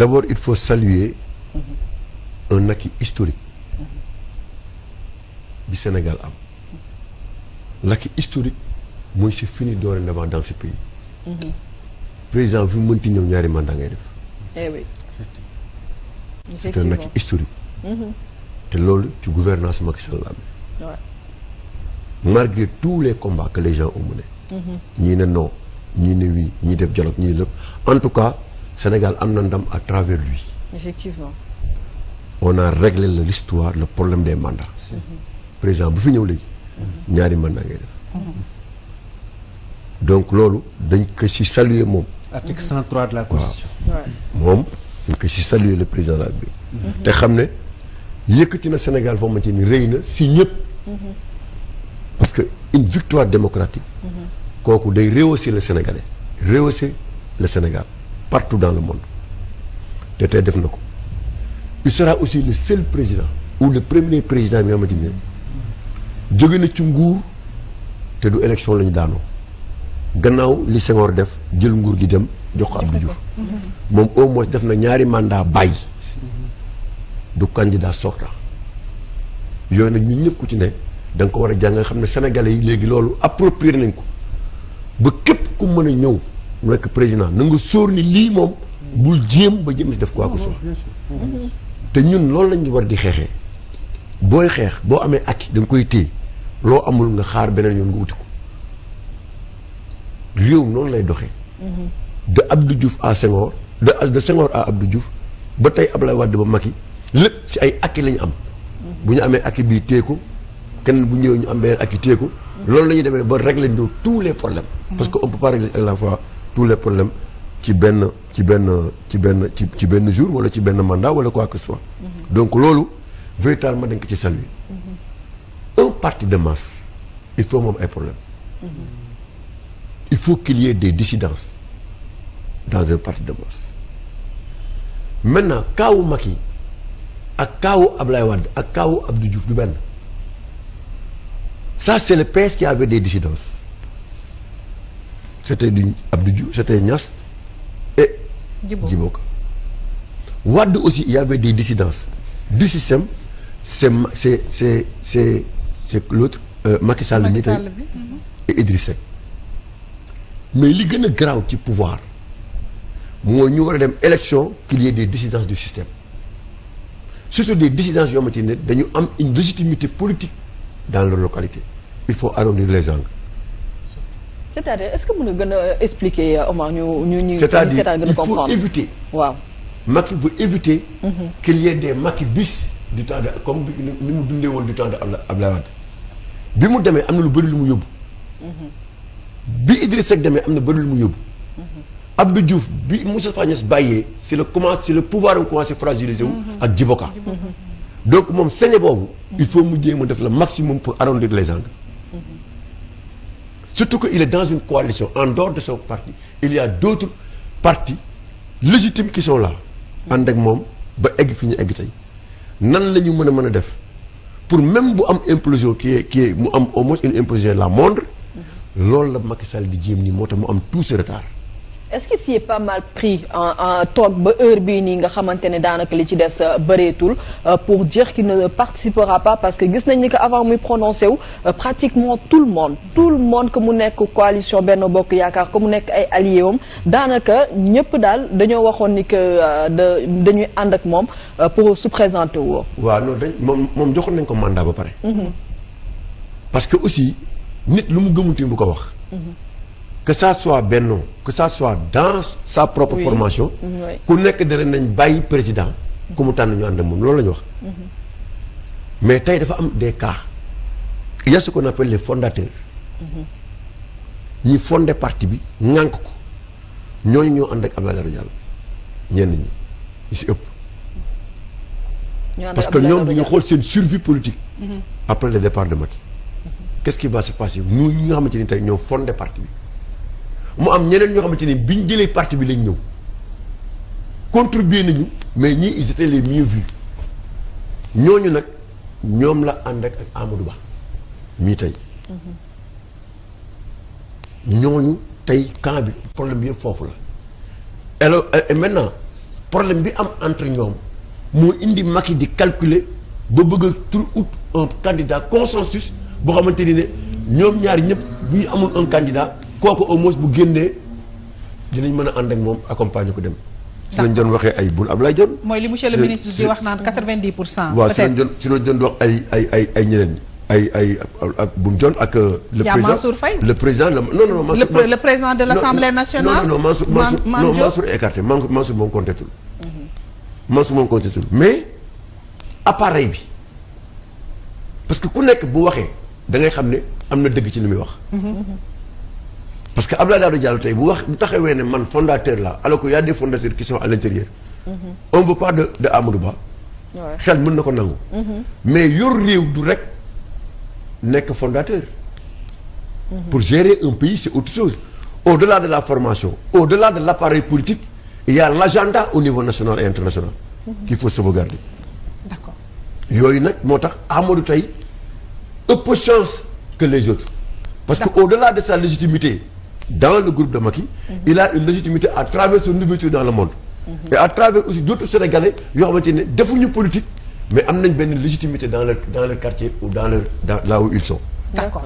d'abord il faut saluer un acquis historique bi Sénégal am l'acquis historique mooy c'est fini dorénavant dans ce pays mhm. président fi mënti ñëw ñaari mandat ngay def eh oui c'est un acquis historique mhm. te loolu ci gouvernance Macky Sall la amee malgré tous les combats que les gens ont menés mhm. ñii ne non ñii ne oui ñii def dialogue ñii lépp en tout cas Sénégal am na ndam à travers lui. effectivement. on a réglé l'histoire le problème des mandats. Mm-hmm. président bu fi ñëw léegi. Mm-hmm. ñaari mandat ngay def. Mm-hmm. donc loolu dañ ko ci saluer moom. article moom dañ ko ci saluer le président laaj bi. te xam ne yëkkati na Sénégal foo xamante ni rëy na ci ñëpp. parce que une victoire démocratique. kooku day rehausser le Sénégalais rehausser le Sénégal. partout dans le monde te tey def na ko il aussi le seul président ou le premier président bi nga xamante ne jóge na ci nguur te du élection lañu ñu daanoo gannaaw li Senghor def jël nguur gi dem jox ko Abdou Diouf moom au moins def na ñaari mandat bàyyi du candidat sortant yooyu nag ñun ñëpp ku ci ne danga ko war a jàng nga xam ne sénégalais yi léegi loolu approprié nañ ko ba képp ku mën a ñëw mu président na nga sóor ni lii moom bul jéem ba jëm si def ko que soit te ñun loolu lañu war di xeexee booy xeex boo amee acquis da koy téye loo amul nga xaar beneen yoon nga wuti ko réew noonu lay doxee de Abdou Diouf à Senghor de de Senghor à Abdou Diouf ba tey Abdoulaye Wade ba Macky lépp ci ay acquis la am bu ñu amee acquis bii téye ko kenn bu ñëwee ñu am beneen acquis téye ko loolu la ñuy demee ba régler ñu tous les problèmes parce que on peut pas régler la fois tous les problèmes ci benn ci benn ci benn ci ci benn jour wala ci benn mandat wala quoi que ce mhm. donc loolu véritablement dañ ko ci saluer. Mhm. un parti de masse il faut moom ay problème mhm. il faut qu'il des dissidences dans un parti de masse maintenant kaawu Macky ak kaawu Ablaye Wade ak kaawu Abdou Diouf du benn ça c'est le PS qui avait des dissidences. c'était du Abdou Diouf c'était Niass et Djibo Ka Wade aussi il y avait des dissidences du système c'est c'est c'est c'est c'est l'autre euh, Macky Sall bi et mais li gën a garaaw ci pouvoir mooy ñu war a dem élection qu'il de ait des dissidences du système surtout des dissidences yoo xamante ne dañu am une légitimité politique dans leur localité il faut arrondir les angles c'est-à-dire est-ce que mën nga gën a expliquer euh, Omar ñu ñu ñu. c'est-à-dire il faut éviter. waaw Macky veut éviter. Mm-hmm. qu'il y ait bis du temps de comme ni mu dundee woon du temps de Abdoulaye Wade bi mu demee am na lu bëri lu mu yóbbu. Mm-hmm. bi Idriss Seck demee am na bëri lu mu yóbbu. Mm-hmm. Abdou Diouf bi Moustapha Niasse bàyyee c'est le commence si le pouvoir mu commencé fragiliser wu. ak Djiboka donc moom sañe boobu. il faut mu jéem a def le maximum pour arrondir les angles. surtout qu'il est dans une coalition en dehors de son parti il y a d'autres partis légitimes qui sont ànd ak moom ba egg fi ñu egg tey nan lañu mën a mën a def pour même bu am implosion qui est mu am au moins une implosion la moindre loolu la Macky Sall di jéem nii moo tax mu am tout ce retard est-ce que s'y est pas mal pris en en toog ba heure bii nii nga xamante ne daanaka li ci des euh, bëreetul euh, pour dire qu'il ne participera pas parce que gis nañ ni que avant muy prononcé wu euh, pratiquement tout le monde tout le monde que mu nekk coalition benn Bokk Yaakaar que mu nekk ay allié wam daanaka ñëpp daal dañoo waxoon ni que da dañuy ànd ak moom pour su présenter woo. waaw non dañ moom moom nañ ko mandat ba pare. Mhm. parce que aussi nit lu mu gëmul bu ko wax. Mhm. que ça soit que sa soit dans sa propre formation. ku nekk dana nañ bàyyi président. ku mu tànn ñu ànd moom loolu la ñu wax. Mm-hmm. mais tey dafa am de cas. il y a ce qu'on appelle les fondateurs. Mm-hmm. ñi fondé parti bi ŋànk ko ñooñu ñoo ànd ak Abdoulaye Daouda Diallo ñenn ñi ñu si ëpp. parce que ñoom dañuy xool seen survie politique. Mm-hmm. après le départ de Macky. qu'est-ce qui va se passer ñun ñi nga xamante ni tey ñoo fondé parti bi. mu am ñeneen ñoo xamante ne bi ñu jëlee parti bi lañ ñëw contribuer nañu mais ñii ils les mieux vus ñooñu nag ñoom la ànd ak ak Amadou Ba mii tey ñooñu tey camp bi problème bi yëpp foofu la alors et maintenant problème bi am entre ñoom moo indi Macky di calculer ba bëgg a tur ut un candidat consensus boo xamante ni ne ñoom ñaari ñëpp bu ñu amul un candidat kooku au moins bu génnee dinañ mën a ànd ak moom accompagner ko dem. si lañ doon waxee ay bun Abdoulaye Dione. mooy li monsieur le ministre di wax naan quatre-vingt-dix pour cent. peut-être waaw si lañ doon si lañ doon wax ay ay ay ay ñeneen ñi. ay ay ak Boun Dionne ak. Euh, le président Mansour Faye le président non non non. le le président de l'Assemblée nationale. non non Mansour Mansour Mansour écarté Mansour moom compté tul. Mhm. Mansour moom compté tul mais appareil bi parce que ku nekk bu waxee da ngay xam ne am na dëgg ci li muy wax. Mhm, mhm. parce que Abdoulaye Daouda Diallo tey bu wax bu taxawee ne man fondateur la alors que y a des fondateurs qui l'intérieur mm-hmm. on veut pas de de Amadou Ba xel mën na ko nangu mm-hmm. mais yor réew du rek nekk fondateur mm-hmm. pour gérer un pays c'est autre chose au-delà de la formation au-delà de l'appareil politique il y a au niveau national et international qu'il faut sauvegarder yooyu nag moo tax Amadou tey ëpp chance que les autres parce que au-delà de sa dans le groupe de Macky. Mmh. il a une légitimité à travers son ouverture dans le monde. Mmh. et à travers aussi d'autres Sénégalais yoo xamante ne defuñu politique mais am nañ benn légitimité dans leur dans leur quartier ou dans leur dans là où ils